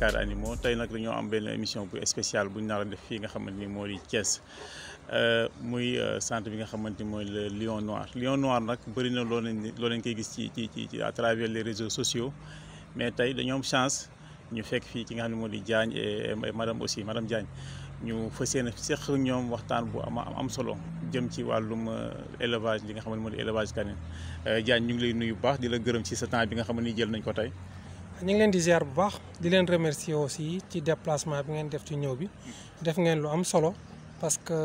Dakar Animaux Tay nak dañu am ben émission bu spéciale bu ñu nar def fi nga xamanteni ni moo di Thiès euh, muy euh, centre bi nga xamanteni moy le Lion Noir Lion Noir nak bari na loo leen loo leen koy gis ci ci ci à travers les réseaux sociaux mais tay dañu am chance ñu fekk fi ki nga xam ne moo Diagne et madame aussi madame Diagne ñu fas yéene seq ñoom waxtaan bu am am solo jëm ci wàllum euh, élevage li nga xam ne moo di élevage canin Diagne ñu ngi lay nuyu baax di la gërëm ci sa temps bi nga xam ne jël nañ ko tey ñu ngi leen di ziar bu baax di leen remercier aussi ci déplacement bi ngeen def ci ñëw bi def ngeen lu am solo parce que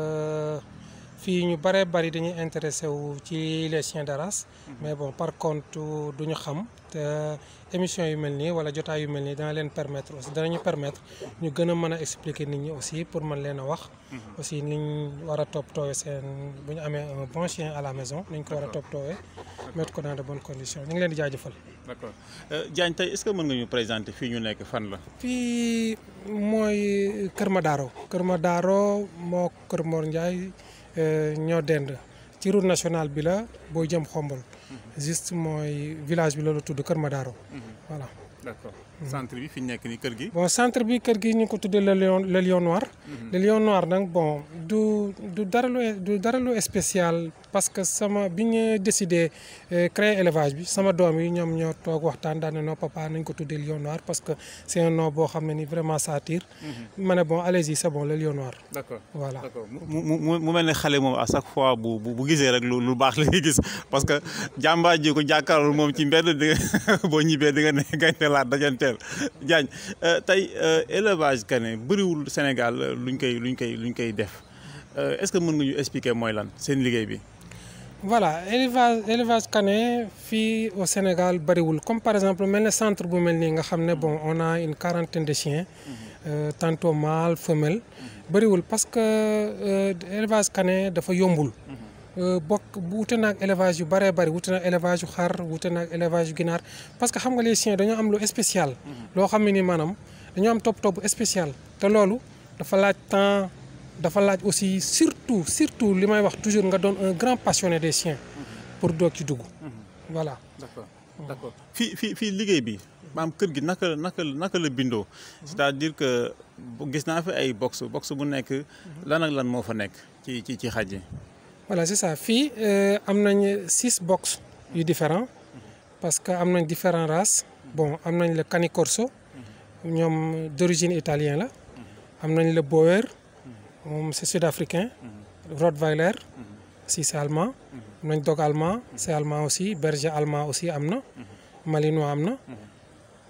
fii ñu bare bëri dañuy intéressé wu ci les chiens de race mais bon par contre duñu xam te émission yu mel nii wala jotaay yu mel nii dana leen permettre aussi ñu permettre ñu gën a mën a expliquer nit ñi aussi pour mën leen a wax mhm. aussi niñ war a toppatoowee seen bu ñu amee un bon chien à la maison niñ ko war a toppatoowee mettre ko dans de bonnes conditions ñu ngi leen di jaajëfal d' accord euh, Diagne ce que mën nga ñu présenter fii ñu nekk fan la. fii mooy Kër ma Madaro Kër daaro moo Kër Mor Ndiaye euh, ñoo dend ci route national bi la booy jëm xombal mhm. juste mooy village bi la tudd Kër Madaro. Mhm. voilà. d' mhm. centre bi fi nekk ni kër gi. bon centre bi kër gi ñu ko tudd le lion le lion noir. le lion noir nag bon du du dara lu du dara lu spécial. parce que sama m'a décidé euh, créer élevage bi sama ñoo parce que c'est un nom vraiment ça mhm. bon allez c'est bon le lion noir. d'accord voilà mu à chaque fois bu bu rek lu parce que vous ko euh, euh, que vous ci élevage Sénégal luñ est-ce que mën expliquer moy lan seen voilà élevage élevage canin au Sénégal comme par exemple melne centre bu melni nga bon on a une quarantaine de chiens mhm. euh, tantôt mâle femelle mhm. parce que euh, élevage canin dafa yombul mhm. euh, bokk wute naag élevage yu bari bari élevage yu xar élevage yu parce que xam nga les chiens dañu am spécial am spécial dafa temps il aussi surtout surtout toujours nga un grand passionné des siens pour do ci voilà d'accord d'accord fi fi fi liguey bi Je keur c'est-à-dire que gis na fi ay box box bu nek lan ak lan mo fa ci ci ci voilà c'est ça euh, six box différents parce que am différents races bon y le canicorso d'origine italien la y le boer c'est sud-africain. Mhm. Rottweiler. Mhm. si c'est allemand. Mhm. am nañ dog allemand c'est allemand aussi berger allemand aussi am na. malinois am na.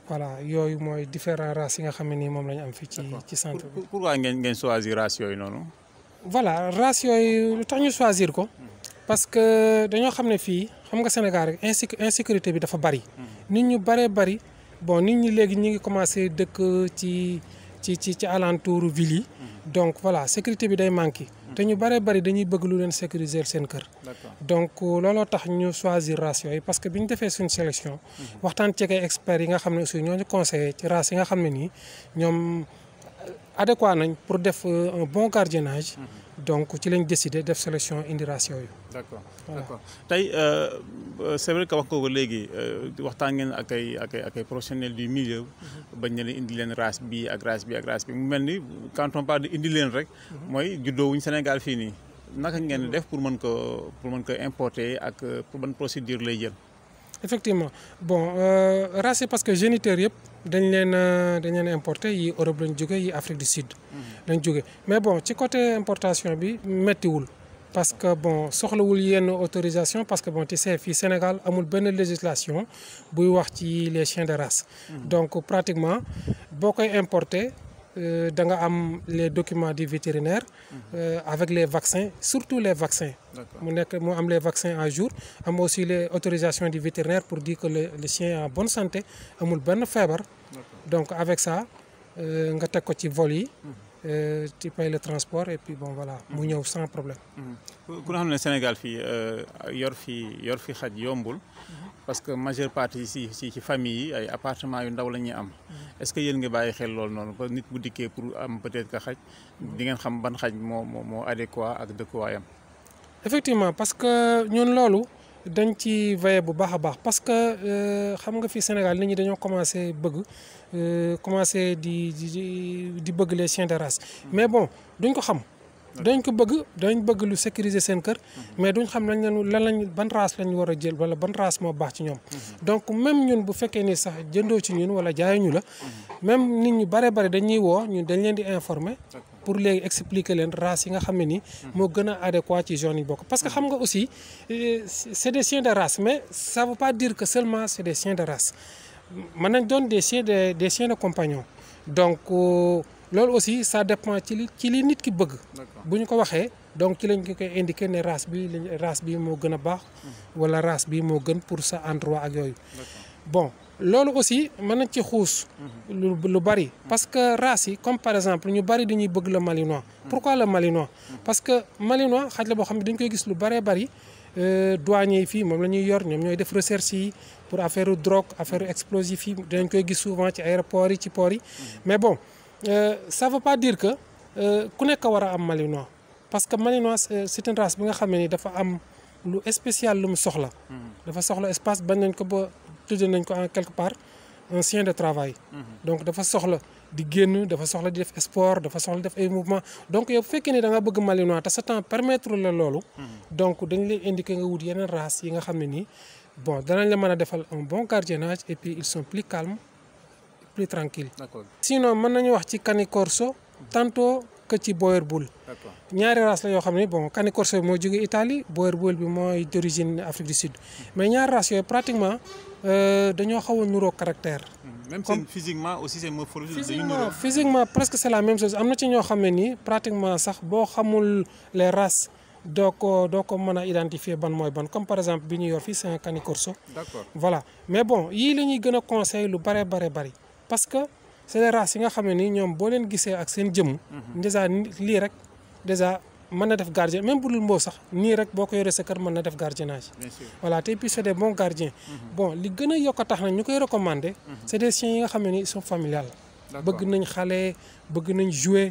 voilà yooyu mooy différents races yi nga xam ne nii moom la ñu am fii ci ci centre bi. pourquoi ngeen ngeen choisir race yooyu noonu. voilà race yooyu lu tax ñu choisir ko. parce que dañoo xam ne fii xam nga Sénégal rek insécu insécurité bi dafa bari. nit ñu baree bari bon nit ñi léegi ñu commencé dëkk ci ci ci ci alentour ville yi donc voilà la sécurité est manquée. Nous mm. te ñu de gens dañuy sécuriser leur cœur. donc nous tax ñu choisir race parce que quand nous faisons une sélection. Mm-hmm. nous ceeg ay experts yi nga xam aussi ñoo ñu conseillé ci race yi nga pour faire euh, un bon gardiennage. Mm-hmm donc ci lañ décidé def sélection indi race yooyu. d' accord d' accord tey euh, euh, c' vrai que wax ko ko léegi euh, waxtan ngeen ak ay ak ay ak ay professionnels du milieu. bañ ne leen indi leen race bi ak race bi ak race bi mu melni quand on parle de indi leen rek. moy mhm. juddoo wuñ Sénégal fii nii. naka ngeen def pour mën ko pour mën ko importer ak pour ban procédure lay jël effectivement bon euh, race c'est parce que les yep dañ importés dañ leen euh, importé yi Europe lañ jugé yi Afrique du Sud mhm. lañ mais bon ci côté importation bi wul parce que bon soxlawul yenn autorisation parce que bon tu sais fi Sénégal amul benn législation pour wax ci les chiens de race mhm. donc pratiquement bokoy importer importé euh, les documents du vétérinaire. Mhm. Euh, avec les vaccins surtout les vaccins. Nous avons les vaccins à jour am aussi les autorisations du vétérinaire pour dire que le, chien est en bonne santé une bonne fièvre. donc avec ça euh, nous avons ko ci mhm. Euh, tu payes le transport et puis bon voilà mu mm-hmm. ñëw sans problème. Mm-hmm. ku nga xam ne Sénégal fii euh, yor fii yor fi xaj yombul. Mm-hmm. parce que majeure partie ici si ci famille yi ay appartement yu ndaw la ñuy am. est ce que yéen nga bàyyi xel loolu noonu ba nit bu dikkee pour am peut être que xaj di ngeen xam ban xaj moo moo moo adéquat ak dëkkuwaayam. effectivement parce que ñun loolu dañ ci veiller bu baax a baax parce que euh, xam nga fi Sénégal nit ñi dañoo commencé bëgg euh, commencé di di bëgg les chiens de race hmm. mais bon duñ ko xam dañ ko bëgg dañ bëgg lu sécuriser seen kër hmm. mais duñ xam lañ lañ lan lañ ban race lañ war a jël wala ban race moo baax ci ñoom hmm. donc même ñun bu fekkee ni sax jëndoo ci ñun wala jaayuñu la même nit ñu bare bare dañuy woo ñun dañ leen di informer pour les expliquer les race yi nga xam ne ni parce que xam nga aussi euh, c'est des chiens de race mais ça ne veut pas dire que seulement c'est des chiens de race Maintenant, nañ des chiens de des chiens de compagnons. donc euh, loolu aussi ça dépend ci li qui est le ki bëgg bu ko donc ci lañ ko que indiqué race bi race bi mo gëna bax hmm. wala race bi mo gën pour sa endroit ak yooyu bon c'est aussi mën ci xuus. parce que race comme par exemple ñu bari dañuy le malinois. pourquoi le malinois. parce que malinois xaj la boo xam dañ koy gis lu bari euh, yor def pour affaire drogue explosif dañ koy souvent ci aéroport mais bon euh, ça veut pas dire que euh, ku am malinois parce que malinois c'est une race bi nga dafa am lu spécial lu mu soxla. Hmm. espace bañ ko tuddee nañ ko en quelque part un chien de travail. Mhm. donc dafa soxla di génn dafa soxla di def sport dafa soxla def ay mouvement donc yow bu fekkee ne da nga bëgg malinois te sa temps permettre la loolu. Mhm. donc dañ lay indiquer nga wut yeneen race yi nga xam ne nii bon danañ la mën a defal un bon gardiennage et puis ils sont plus calmes plus tranquilles. d'accord sinon mën nañu wax ci Canicorso Corso mhm. tantôt que ci Boer Bull. ñaari race la yoo xam ne bon cani Corso moo Italie Boer Bull bi mooy d'origine Afrique du Sud mais ñaari race yooyu pratiquement. Euh, dañoo xaw a caractère. Mmh. même seen physiquement aussi une morphologie. physiquement physiquement presque c'est la même chose am na ci ñoo xam ne pratiquement sax boo xamul les races donc donc on a identifier ban moy ban comme par exemple biñu yor fi c' un canicorso. d' voilà mais bon yi la ñuy gën conseil lu bare bare bare parce que c'est les races yi nga xam ne nii ñoom boo leen gisee ak seen jëm mmh. déjà li rek déjà man na def gardien même bu dul mboo sax nii rek boo ko yoree sa kër mën na def gardiennage. voilà te puis c'est des bons gardiens. Mhm. bon li gën a tax na ñu koy recommander. Mhm. c'est des chiens yi xam ni ils sont bëgg nañ xale bëgg nañ jouer.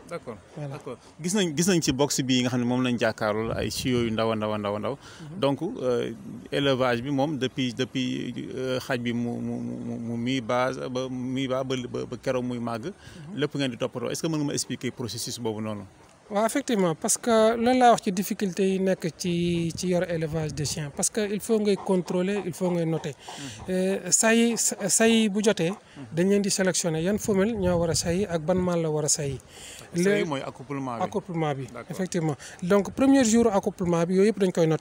D'accord. accord voilà. d' gis nañ gis nañ ci box bi nga xam ne lañ jàkkaarul ay tuyaux yu ndaw ndaw ndaw ndaw mhm. donc euh, élevage bi mom depuis depuis euh, xaj bi mu mi base ba mi ba ba kéro muy mag mhm. lepp ngeen di toppatoo est ce que mën nga ma expliquer processus bobu noonu waaw effectivement parce que loolu laa wax ci difficulté yi nekk ci ci yor élevage de chien parce que il faut ngay contrôler il faut ngay noter mhm. euh, sayi sayi bu jotee dañ leen di sélectionner yan femelle ñoo war a sayi ak ban mâle la war a sayi le accouplement effectivement donc premier jour accouplement bi yoyep koy mhm.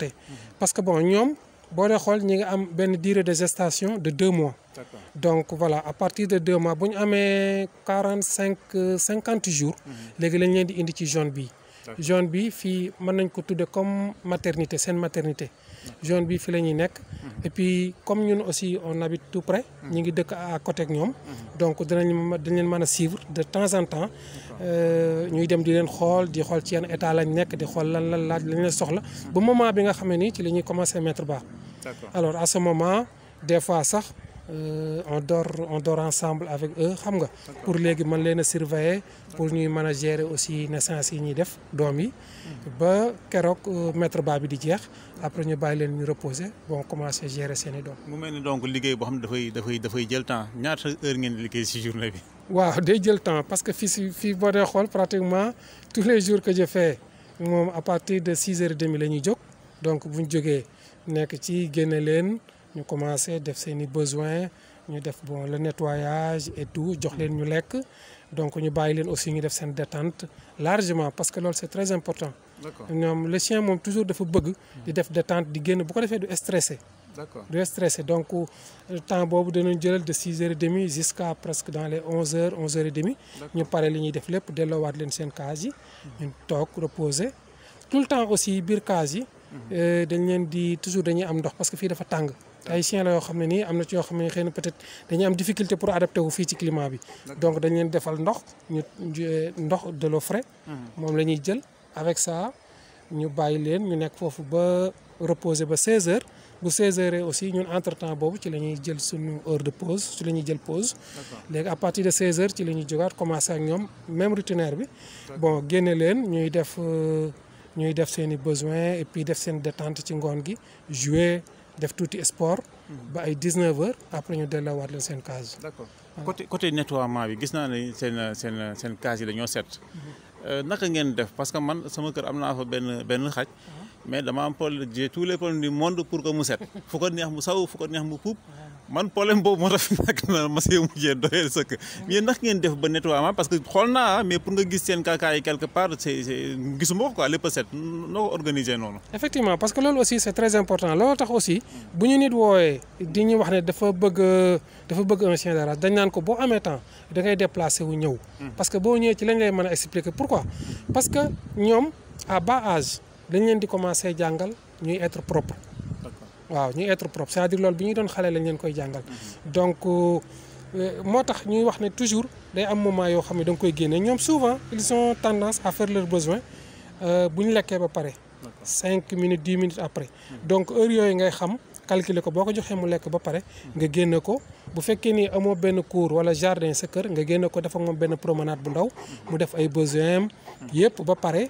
parce que bon ñom une durée de gestation de deux mois. donc voilà à partir de deux mois buñ amé 45 50 jours. Mhm. les lañ leen indi ci bi bi fi, nañ maternité maternité zone bi fi lañuy nek et puis comme ñun aussi on habite tout près. ñi ngi dëkk à côté ak ñom donc dinañ dañ leen mëna suivre de temps en temps. Euh, ñuy dem di leen xol di xol ci yan état lañ nek di xol lan lan laaj lañ la soxla. bu moment bi nga xamé ni ci la commencer mettre bas. alors à ce moment des fois sax. Euh, on dort on dort ensemble avec eux pour les surveiller pour ñuy aussi naissance yi def maître après ñu reposer bon gérer mu donc xam temps temps parce que pratiquement tous les jours que je fais à partir de 6h30 la donc vous joggé nek ci nous commencé à faire ses besoins, bon, le nettoyage et tout, nous avons fait les Donc nous aussi fait détente largement parce que c'est très important. Les le chien a toujours fait des bugs, des détente, des stressés. beaucoup de fait de Donc le temps de de 6h30 jusqu'à presque dans les 11h, 11h30, nous parlons de flip, de la voir de l'ancienne case, mmh. une reposer. Tout le temps aussi, Birkazi, mmh. euh, de toujours de parce que fait des la haïtien la yo xamné ni amna ci yo xamné xéna peut-être dañuy am difficulté pour adapter wu fi ci climat bi. donc dañ leen defal ndox ñu ndox de l'eau frais. mom mhm. lañuy jël avec ça ñu bàyyi leen ñu nek fofu ba reposer ba 16 h bu 16 h aussi ñun entre temps boobu ci lañuy jël suñu heure de pause ci lañuy jël pause. léegi à partir de 16 h ci lañuy jogat commencer ak ñom même routinaire bi. bon génné leen ñuy def euh, ñuy def seen i besoins et puis def seen détente ci ngone gi jouer. def tuuti sport. ba ay 19 heures après ñu delloowaat leen seen case. d'accord côté côté nettoiement bi gis naa ne seen seen seen case yi dañoo set. Mhm. Euh, naka ngeen def parce que man sama kër am naa fa benn benn xaj. Ah. mais dama am problème j'ai tous les problèmes du monde pour que mu set fu neex mu saw fu neex mu puub man problème boobu moo tax ma see mujjee doyal sëkk mais ngeen def ba nettoiement parce que xool naa mais pour nga gis seen kakaay yi quelque que loolu aussi c'est très important loolu tax aussi wax ne dafa bëgg dafa bëgg un chien de naan ko boo amee temps dangay ngay déplacer wu ñëw hmm. parce que boo ñëwee ci lañ lay mën a expliquer pourquoi parce que ñoom à bas âge dañ leen di commencer jangal ñuy être propre waaw ñuy être propre c'est-à-dire loolu bi ñuy doon xale lañ leen koy jangal mhm. donc euh, euh, motax ñuy wax ne toujours day am moment yo xam dang koy génne ñom souvent ils ont tendance à faire leurs besoins euh ñu lekkee ba paré 5 minutes 10 minutes après mhm. donc heure yoy ngay xam calculer ko boo ko joxee mu lekk ba pare nga génne ko bu fekkee ni amoo benn cour wala jardin sa kër nga génne ko dafa moom benn promenade bu ndaw mu def ay besoin yëpp ba pare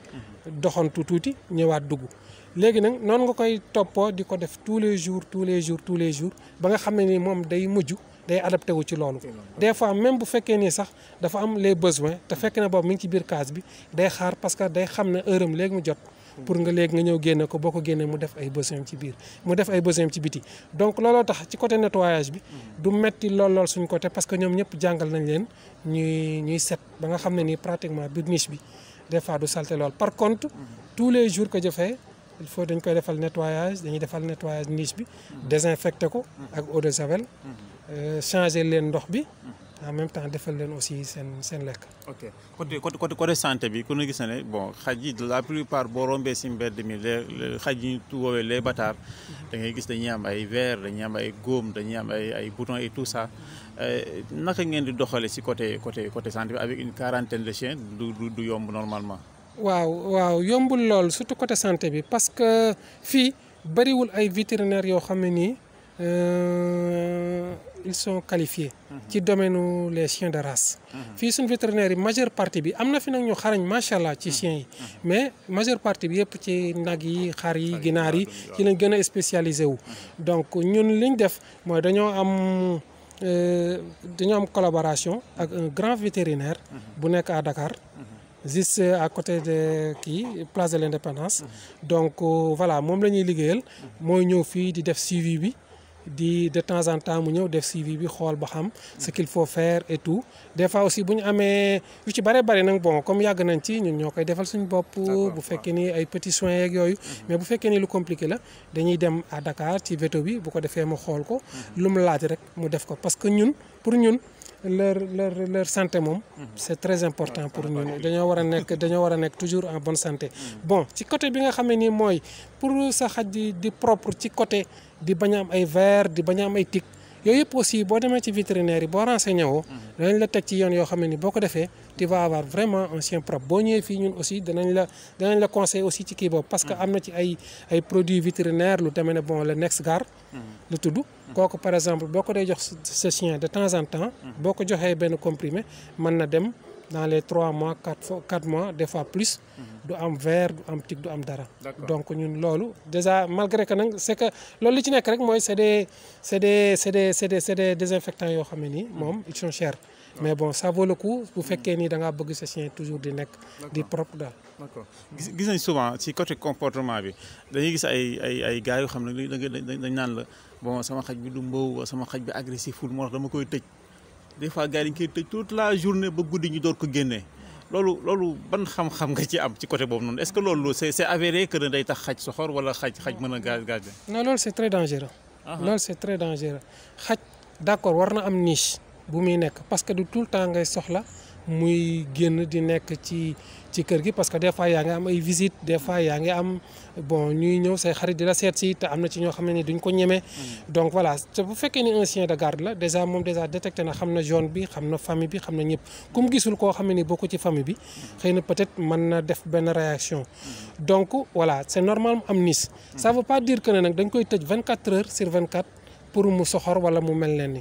doxantu tuuti ñëwaat dugg léegi nag noonu nga koy toppoo di ko def tous les jours tous les jours tous les jours ba nga xam ne ni moom day mujj day adapté wu ci loolu des fois même bu fekkee nii sax dafa am les besoins te fekk na boobu mi ngi ci biir case bi day xaar parce que day xam ne heure am léegi mu jot pour nga léegi nga ñëw génne ko boo ko génnee mu def ay besoin ci biir mu def ay besoin ci biti donc looloo tax ci côté nettoyage bi du metti lool lool suñ côté parce que ñoom ñëpp jàngal nañ leen ñuy ñuy set ba nga xam ne nii pratiquement biir niche bi des fois du salté lool par contre tous les jours que je fais il faut dañ koy defal nettoyage dañuy defal nettoyage niche bi désinfecté ko ak eau de javel euh, changer leen ndox bi en même temps defal len aussi sen sen lek ok côté côté côté santé bi ko ñu gis ne bon xaj de la plupart boo rombee si mbedd mi le xaj yi ñu woowee les bâtards da ngay gis dañuy am ay verre dañuy am ay gomme dañuy am ay ay boutons et tout ça euh, naka ngeen di doxale si côté côté côté santé bi avec une quarantaine de chiens du du du yomb normalement. waaw waaw yombul lool surtout côté santé bi parce que fii bëriwul ay vétérinaires yo xam ne euh, ils sont qualifiés. ci domaine les chiens de race. fi sun vétérinaire majeure partie bi amna fi nak ñu xarañ machallah ci chiens yi. mais majeure partie bi yépp ci nag yi xar yi ginaar yi ci lañ spécialisé wu. donc ñun liñ def mooy dañoo am euh, am collaboration ak un grand vétérinaire. bu nekk à Dakar. juste à côté de qui? place de l'indépendance. donc euh, voilà moom la ñuy liggéeyal. mooy ñëw fii di def suivi bi di de temps en temps mu ñëw def suivi bi xool ba xam ce qu'il faut faire et tout des fois aussi bu ñu amee yu ci bare bare nag bon comme yàgg nañ ci ñun ñoo koy defal suñu bopp bu fekkee ni ay petit soins yeeg yooyu mhm. mais bu fekkee ni lu compliqué la dañuy dem à Dakar ci veto bi bu ko defee mu xool ko mhm. lu mu laaj rek mu def ko parce que ñun pour ñun leur leur leur santé moom. Mhm. c' très important pour nous dañoo war a nekk dañoo war toujours en bonne santé. Mhm. bon ci côté bi nga xam ne nii pour sa xaj di propre ci côté di banyam a am ay verre di bañ am ay yooyu yëpp aussi boo demee ci vétérinaire yi boo renseigné woo. Mhm. danañ la teg ci yoon yoo xam ne boo ko defee tu vas avoir vraiment un chien propre boo ñëwee fii ñun aussi danañ la danañ la conseil aussi ci kii boobu. parce que mhm. am na ci ay ay produits vétérinaires lu demee ne bon le NexGard. Mhm. lu tudd kooku par exemple boo ko dee jox sa chien de temps en temps. boo ko joxee benn comprimé mën na dem dans les 3 mois 4, 4 mois des fois plus. Mhm. du am verre du am tig du am dara. donc ñun loolu déjà malgré que nag c'est que loolu ci nekk rek mooy c'est des c'est des c'est des des c'est des désinfectants yoo xam ne mhm. ils sont chers. mais bon ça vaut le coup bu mhm. fekkee ni da ngaa bëgg sa chien toujours di nekk. di propre d'accord gis gis nañ souvent ci côté comportement bi dañuy gis ay ay ay gars yoo xam ne dañ la bon sama xaj bi du mbow sama xaj bi agressiful moo tax dama koy tëj des fois gars yi dañ koy toute la journée ba goudi ñu door ko génnee lolu lolu ban xam-xam nga ci am ci côté bobu non. est-ce que lolu c'est c'est avéré que ne day tax xaj soxor wala xaj xaj mën a gaz gaz. non lolu c'est très dangereux. Ah ah. loolu c'est très dangereux xaj d'accord Warna, am niche bu muy nekk parce que du tout le temps ngay soxla muy génn di nekk ci ci kër gi parce que des fois yaa ngi am ay visite des fois yaa ngi am bon ñuy ñëw say xarit di la seet si te am na ci ñoo xam ne ni duñ ko ñeme. Mm. donc voilà te bu fekkee ni un chien de garde la déjà moom déjà détecté na xam na zone bi xam na famille bi xam na ñëpp ku gisul koo xam ne ni bokku ci famille bi xëy na peut-être mën na def benn réaction. Mm. donc voilà c'est normal am nice ça mm. veut pas dire que ne nag dañ koy tëj 24 heures sur 24 pour mu soxor wala mu mel ne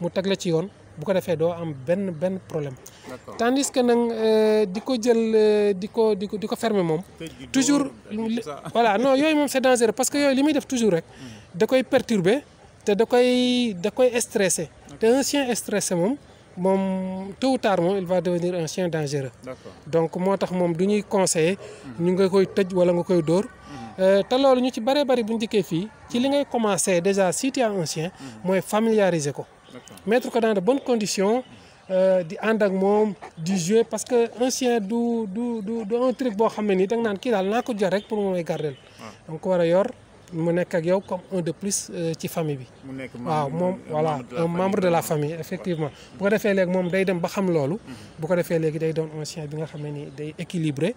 mu teg ci yoon bu ko defee do am ben ben problème. tandis que nag euh diko jël euh, diko diko diko fermer mom toujours voilà non yoy mom c'est dangereux parce que yoy li def toujours rek. Hmm. da koy perturber té da koy da koy stressé. te un chien stressé mom mom tôt ou tard moom il va devenir un chien dangereux. donc motax mom duñuy conseiller. Hmm. ñu nga koy tëj wala nga koy dor hmm. euh té lolu ñu ci bari bari bu diké fi ci li ngay commencer déjà si tu as un chien. moy familiariser ko mettre ko dans de bonnes conditions euh, di ànd ak du di jouer parce que un chien du du du du un truc bo xamné ne nii da nga naan kii rek pour mu garder ah. donc wara yor mu nek ak yow comme un de plus euh, ci famille bi. nek mom voilà un membre de la famille effectivement. bu ko defé léegi mom day dem ba xam lolu mhm. bu ko defé léegi day don un chien bi nga xamné ne day équilibré.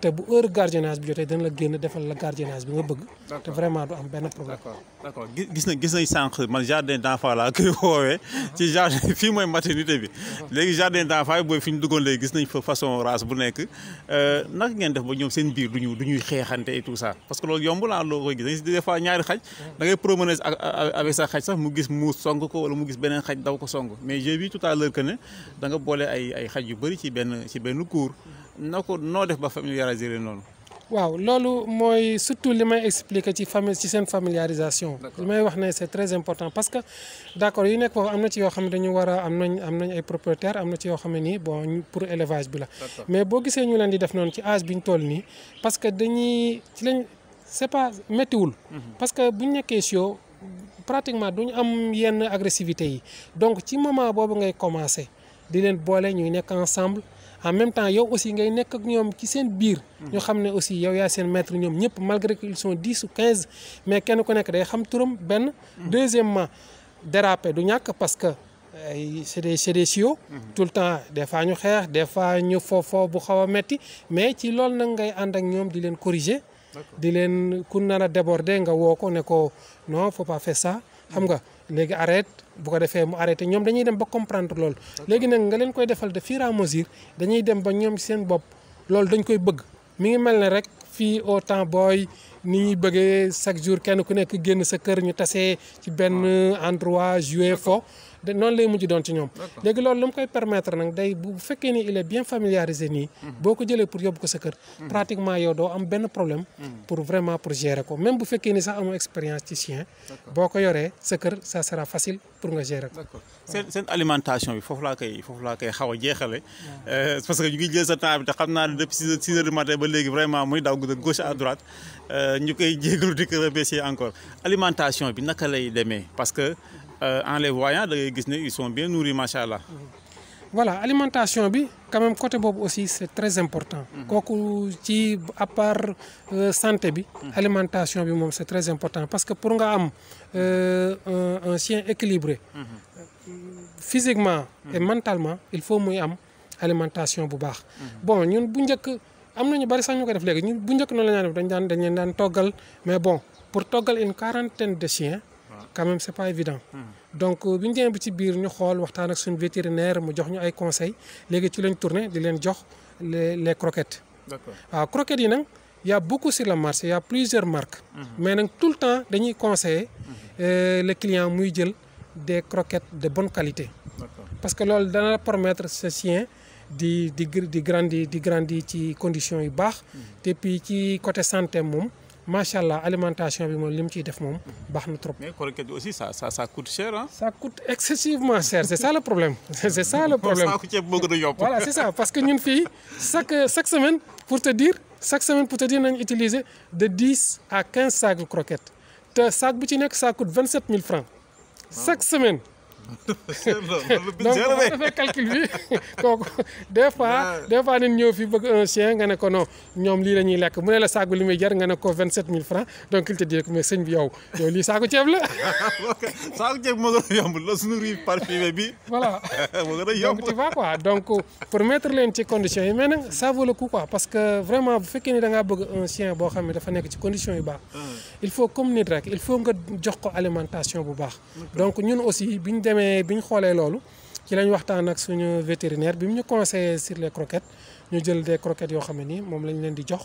te bu heure gardiennage bi jotee dañ la génn defal la gardiennage bi nga bëgg. te vraiment du am ben problème. d'accord gis na gis nañ sànq man jardin d'enfant laa koy woowee ci jardin fii mooy maternité bi léegi jardin d'enfant yi booy fi ñu duggoon léegi gis nañ fa façon race bu nekk euh, naka ngeen def ba ñoom seen biir duñu du ñuy xeexante et tout ça parce que loolu yomb laa loo koy gis dañ ñaari xaj da ngay promener avec sa xaj sax mu gis mu song ko wala mu gis beneen xaj daw ko song mais jeu bi tout à l'heure ne danga nga boole ay ay xaj yu bëri ci benn ci benn cours na ko noo def ba familiariser noonu waaw lolo, moy surtout li may expliquer ci famille ci sen familiarisation. li may wax né c'est très important parce que d'accord yu nek foofu amna ci yo xamné dañu wara a am ay propriétaires amna ci yo xamné bon pour élevage bi la. mais bo gisee ñu len di def non ci âge biñ ñu toll parce que dañuy ci lañ c'est pas méttiwul. Mhm. parce que bu ñu nekkee pratiquement duñ am yenn agressivité yi donc ci moment bobu ngay commencer di len bolé ñuy nek ensemble en même temps yow aussi ngay nek ak ñom ci seen biir. ñu xamné aussi yow ya seen maître ñom ñep malgré qu'ils sont 10 ou 15 mais kenn ku nek day xam turum ben deuxièmement déraper du ñak parce que. c'est des c'est des siyo mhm. tout le temps des fois ñu xeex des fois ñu fo fo bu xawa metti mais ci lool nak ngay and ak ñom di len corriger di len kun na déborder nga woo ko ne ko non faut pas faire ça xam nga léegi arrête bu ko defee mu arrêté ñoom dañuy dem ba comprendre loolu. léegi nag nga leen koy defal de fur et dañuy dem ba ñoom seen bopp loolu dañ koy bëgg mi ngi mel ne rek fii au temps booy ni ñuy bëggee chaque jour kenn ku nekk génn sa kër ñu tasee ci benn endroit joué fo. non lay mujj don ci ñom léegi lool lu mu koy permettre nak day bu fekkee ni il est bien familiarisé ni mhm. boko jëlé pour yóbbu ko sa kër mhm. pratiquement yow do am ben problème mhm. pour vraiment pour gérer ko même bu fekkee ni sax amu expérience ci chien boko yoré sa kër ça sera facile pour nga gérer ko c'est seen alimentation bi fofu la kay fofu la kay xawa jéxalé jeexale euh, parce que ñu ngi jël sa temps bi té xamna depuis 6h du matin ba légui vraiment muy daw de gauche à droite euh, ñu koy jégalu di ko remercier encore alimentation bi naka lay démé parce que euh, en les voyant ils sont bien nourris voilà alimentation quand même côté aussi c'est très important. Quand mhm. ci à part euh, santé bi. Mhm. alimentation c'est très important parce que pour euh, un chien équilibré. Mhm. physiquement et mentalement il faut Bon, alimentation bu baax. bon ñun am bari sax def ñun la def dañ dañ mais bon pour une quarantaine de chiens quand même c'est pas évident. donc euh, bi ñu ci biir ñu xol waxtaan ak suñu vétérinaire mu jox ñu ay conseils légui ci lañ tourné di leen jox les les croquettes. waaw croquettes yi il y' a beaucoup sur le marché y' a plusieurs marques. Mhm. mais nak tout le temps dañuy conseiller mhm. euh, le client muy jël des croquettes de bonne qualité. parce que lool dana la permettre ce chien di di grandi di grandi ci conditions yu bax mhm. te puis ci côté santé moom. Masha allah alimentation bi moom fait, mu def mais croquettes aussi ça ça coûte cher hein? ça coûte excessivement cher c'est ça le problème. C'est ça le problème Ça coûte beaucoup voilà c'est ça parce que nous, fille, chaque chaque semaine pour te dire chaque semaine pour te dire on utilise de 10 à 15 sacs de croquettes Un sac de ça coûte 27 000 francs chaque semaine donc boo defee calcul bi kooku des fois des fois nit ñëw fi bëgg un chien nga ne ko non ñoom lii la ñuy lekk mu ne la saagu li muy jar nga ne ko vingt sept mille francs donc il te dit que mais sëñ bi yow yow lii saagu ceeb la saagu ceeb moo gën a yomb la suñu riz parfumé bi voilà moo gën a yomb tu vois quoi donc pour mettre leen ci conditions yi mais nag ça vaut le coup quoi parce que vraiment bu fekkee ni da ngaa bëgg un chien boo xam ne dafa nekk ci conditions yu baax ah. il faut comme nit rek il faut nga jox ko alimentation bu baax donc ñun aussi biñ demee demee bi ñu xoolee loolu ci lañ waxtaan ak suñu vétérinaire bi mu ñu conseillé sur les ñu jël des croquettes yoo xam ne nii moom lañ leen di jox.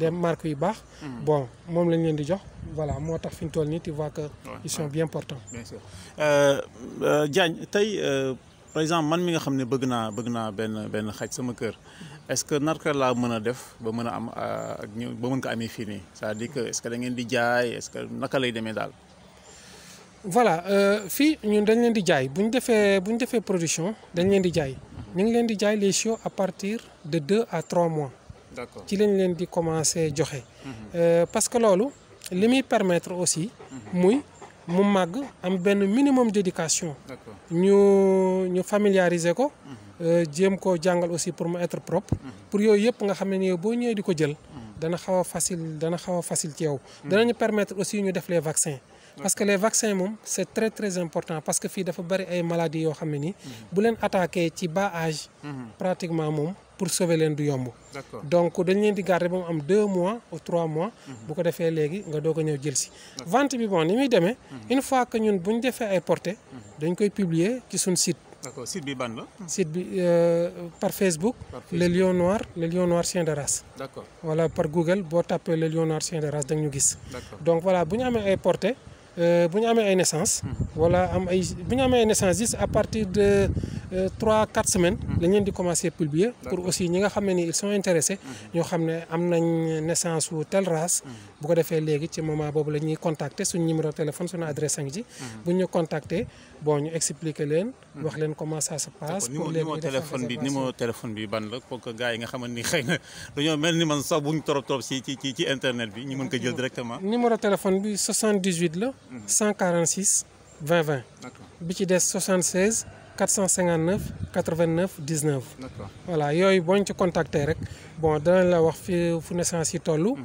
des yu baax. Mhm. bon moom lañ leen di jox voilà moo tax fi ñu toll nii tu vois que. ils sont bien portants. Euh, euh, tey euh, par exemple man mi nga xam ne bëgg naa bëgg naa benn benn xaj sama kër est-ce que naka laa mën a def ba mën a am ak ñu ba mën ko amee fii nii di à dire que est-ce que da di jaay est-ce que naka lay demee daal. voilà euh, fi ñun dañ leen di jaay bu ñu defee bu defee production dañ leen di jaay ñu ngi leen di jaay les chiots à partir de 2 à 3 mois. d'accord ci lañ leen di commencer joxe. Mhm. Euh, parce que loolu li muy permettre aussi. Mhm. muy mu màgg am benn minimum d'éducation. ñu ñu familiariser ko. Mhm. Euh, jéem koo jàngal aussi pour mu être propre. pour yooyu yëpp nga xam ne ni boo ñëwee di ko jël. dana xaw a facile dana xaw a facile ci yow. danañu permettre aussi ñu def les vaccins parce que les vaccins moom c'est très très important parce que fi dafa bari ay maladies yo xam ne mhm. bu len attaquer ci bas âge. Mhm. pratiquement moom pour sauver len du yomb. donc dañ len di garder ba am deux mois ou trois mois. Mhm. bu ko défé légui nga doog ñew ñëw jël si. vente bi bon ni muy démé une fois que ñun buñ défé ay portée, dañ koy publier ci sun site. d'accord site bi ban la. site bi euh, par Facebook. le lion noir le lion noir chien de race. d'accord voilà par Google bo tapé le lion noir chien de race dañ ñu gis. donc voilà buñ amé ay portée, euh, si on a naissance, voilà, si une a naissance, à partir de 3-4 euh, semaines, mm. les ont commencé à publier pour aussi les ils sont intéressés. Nous savons ont une naissance ou telle race. Mm. Si ils ont contacté son numéro de téléphone, son adresse. Si on a hmm. contacté, bon ñu expliquer leen. Hmm. wax leen comment ça se passe. pour leen numéro téléphone bi numéro téléphone bi pour que gars yi nga xamante ni xëy na dañoo ni man sa bu trop trop ci ci ci internet bi ñu mën ko jël directement. numéro téléphone bi 78 146 20 20. bi ci dess 76 459 89 19. D'accord. voilà yoy boñ ci contacter rek bon on la wax fi fu naissance yi toll. Hmm.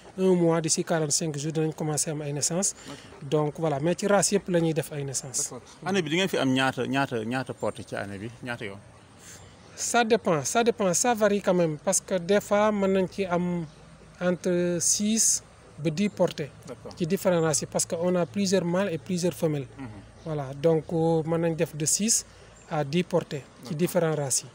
un mois d'ici 45 jours commencer commencé am ay naissance donc voilà mais ci race yëpp la def ay naissance année bi di combien fi am ñaata ñaata porte ça dépend ça dépend ça varie quand même parce que des fois mën nañ entre 6 et 10 portées ci différentes parce qu'on a plusieurs mâles et plusieurs femelles mhm. voilà donc euh, mën nañ def de 6 à déporter, portées ci différents races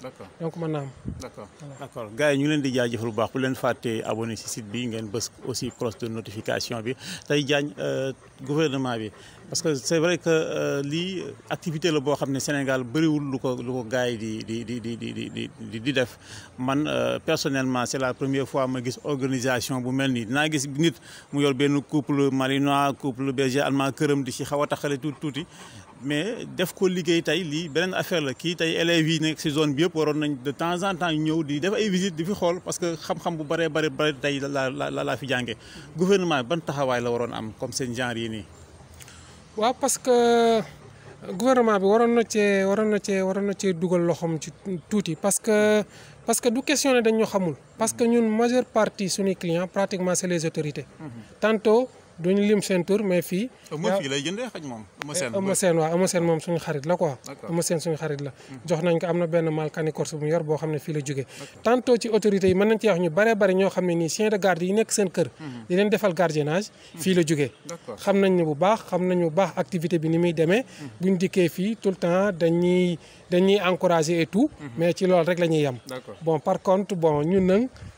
donc mën naa d'accord d'accord gars ñu leen di jaajëfal bu baax bu leen faté abonné ci site bi ngeen bëss aussi cloche de notification bi tey jaañ euh, gouvernement bi parce que c'est vrai que euh, li activité la bo xamné Sénégal bëriwul lu luko luko gaay gars di di di di di di di def man euh, personnellement c'est la première fois ma gis organisation bu melni nii gis nit mu yor ben couple malinois couple berger allemand kërëm di ci xawa taxalé tout. touti mais def ko liguey tay li benen affaire la ki tay élèves yi nek ci zone bi yëpp waroon nañ de temps en temps ñëw di def ay visite di fi xol parce que xam-xam bu bare bare bare tay la la laa fi jànge gouvernement ban taxaway la waroon am comme seen genre yi nii. waaw parce que gouvernement bi waroon na ci waroon na ci waroon na ci duggal loxom ci touti parce que parce que du questionné dañ ñu xamul. parce que ñun majeure partie suñuy clients pratiquement c'est les autorités. Mhm. tantôt. duñu lim seen tur mais fii. ëmma fii lay jëndee xaj moom. ëmma seen waaw ëmma seen moom suñu xarit la quoi. ëmma seen suñu xarit la. Hmm. jox nañ ko am na benn mal canicors bu mu yor boo xam ne fii la jógee. tantôt ci autorités yi mën nañ ci wax ñu bare bare ñoo xam ne nii chien de garde yi nekk seen kër. Hmm. di leen defal gardiennage. Hmm. fii la jógee. xam nañ ne bu baax xam nañ bu baax activité bi ni muy demee. buñ dikkee fii tout le temps dañuy dañuy encourager et tout. mais ci loolu rek la ñuy yem. bon par contre bon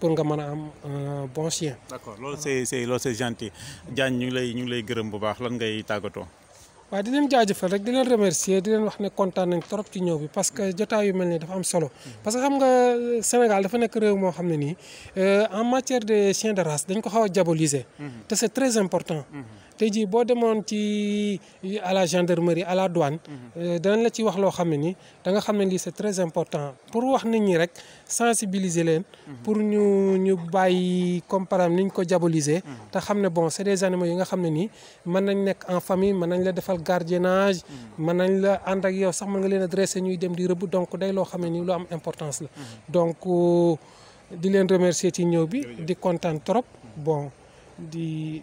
pour nga mën a am un euh, bon chien. d'accord loolu c'est c'est loolu c'est gentil Diagne ñu ngi lay ñu ngi lay gërëm bu baax lan ngay tàggatoo. waa di leen jaajëfal rek di leen remercier di leen wax ne kontaan nañ trop ci ñëw bi parce que jotaay yu mel nii dafa am solo parce que xam nga Sénégal dafa nekk réew moo xam ne nii euh, en matière de chiens de race dañ ko xaw a diaboliser. Mhm. te c'est très important. Mhm. tay ji bo demoon ci à la gendarmerie à la douane. Mhm. Euh, dañ la ci wax lo xam ni da nga xam ne c'est très important pour wax nit ñi rek sensibiliser leen. Mhm. pour ñu ñu bàyyi comme par exemple ko diaboliser. Mhm. te xam bon c'est des animaux yi nga xam ni nii nañ nek en famille mën nañ la defal gardiennage. mën nañ la and ak yow sax mën nga leen adresser ñuy dem di rëbb donc day lo xam ni lu am importance la. donc euh, di leen remercier ci ñëw bi di content trop bon di.